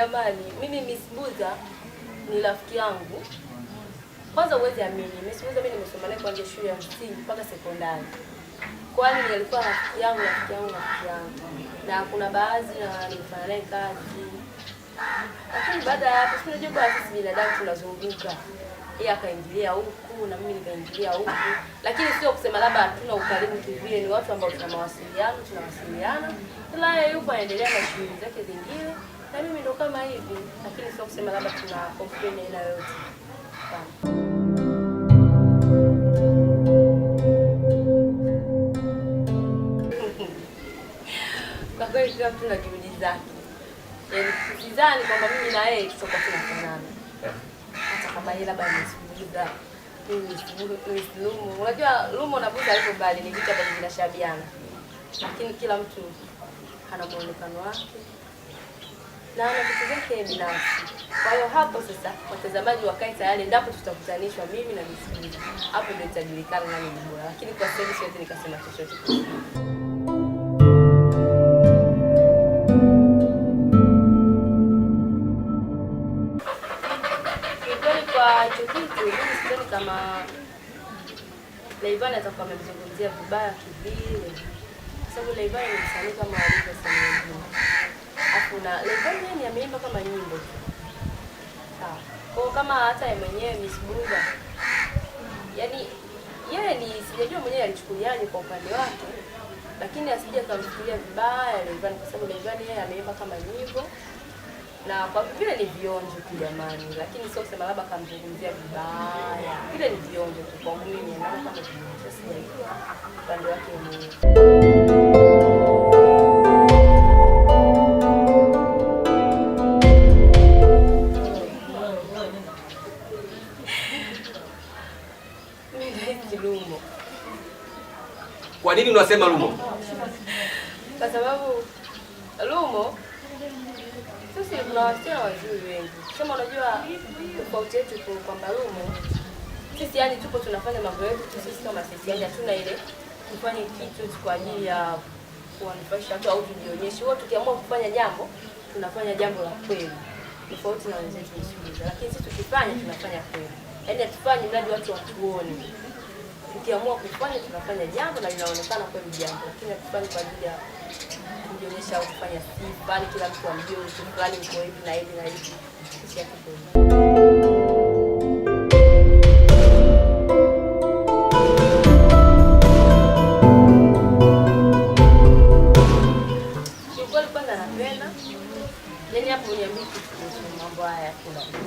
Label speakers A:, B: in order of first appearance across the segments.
A: Jamani, mimi Miss Buza ni rafiki yangu. Kwanza uweze amini, Miss Buza mimi nimesoma naye kwanza shule ya msingi mpaka sekondari. Kwani alikuwa rafiki yangu, rafiki yangu, rafiki yangu. Na kuna baadhi na nilifanya naye kazi. Lakini baada ya hapo, si unajua kwa sisi binadamu tunazunguka. Yeye akaingilia huku na mimi nikaingilia huku. Lakini sio kusema labda hatuna ukaribu kivile, ni watu ambao tuna mawasiliano, tunawasiliana. Ila yupo aendelea na shughuli zake zingine kama hivi, lakini eh, sio kusema labda tuna complain Kwa kweli kila mtu na juhudi zake. Yaani sidhani kwamba mimi na yeye tutakuwa tunafanana. Hata kama yeye labda Lumo. Unajua Lumo na Buza alipo mbali ni vitu ambavyo vinashabiana. Lakini kila mtu ana muonekano wake. Ah? na ana vitu vyake binafsi. Kwa hiyo hapo sasa watazamaji wakae tayari, ndipo tutakutanishwa mimi na Miss hapo, ndio itajulikana nani ni bora, lakini kwa sasa siwezi nikasema chochote. Sidhani kama Laivana atakuwa amemzungumzia vibaya kivile, kwa sababu Laivana ni msanii kama walivyo wasanii wengine kama nyimbo Kwa kama hata yeye mwenyewe Miss Bruga, yani yeye ni sijajua mwenyewe alichukuliaje kwa upande wake, lakini asije kamchukulia vibaya Rayvanny, kwa sababu Rayvanny yeye ameimba kama nyimbo na kwa vile ni vionjo tu jamani, lakini sio kusema labda kamzungumzia vibaya, vile ni vionjo tu kwa mimi, kama vionjo, sijajua upande wake mwenyewe.
B: Kwa nini unasema Lumo?
A: Kwa sababu Lumo sisi kuna wasichana wazuri wengi. Sema unajua tofauti yetu iko kwamba Lumo sisi yani tupo tunafanya mambo yetu tu sisi kama sisi, yani hatuna ile kufanya kitu kwa ajili ya kuwanufaisha watu au tujionyeshe. Wote tukiamua kufanya jambo tunafanya jambo la kweli, tofauti na wenzetu, lakini sisi tukifanya tunafanya kweli yaani hatufanyi mradi watu watuone. Ukiamua kufanya tunafanya jambo na linaonekana kwa jambo, lakini hatufanyi kwa ajili ya kujionyesha au kufanya sifa, yaani kila mtu amjue mtu fulani uko hivi na hivi na hivi, sio yaani hapo niambie mambo haya kuna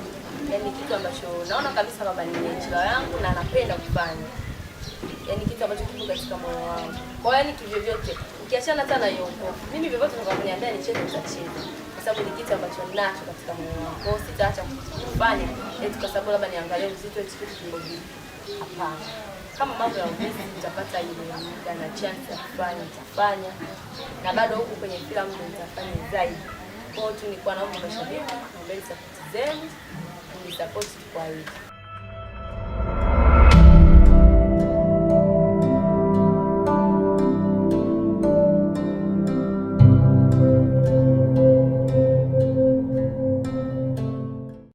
A: kitu ambacho naona kabisa baba ni njia yangu na anapenda kufanya, yaani kitu ambacho kipo katika moyo wangu. Kwa hiyo yaani kivyovyote, ukiachana hata na hiyo hofu, mimi vyovyote nitakaponiambia nicheze nitacheza, kwa sababu ni kitu ambacho ninacho katika moyo wangu. Kwa hiyo sitaacha kufanya eti kwa sababu labda niangalie uzito eti kitu kimoja. Hapana, kama mambo ya ubizi nitapata ile muda na chance ya kufanya nitafanya, na bado huko kwenye filamu nitafanya zaidi. Kwa hiyo tu nilikuwa naomba mashabiki, naomba support zenu. Tá de Quais.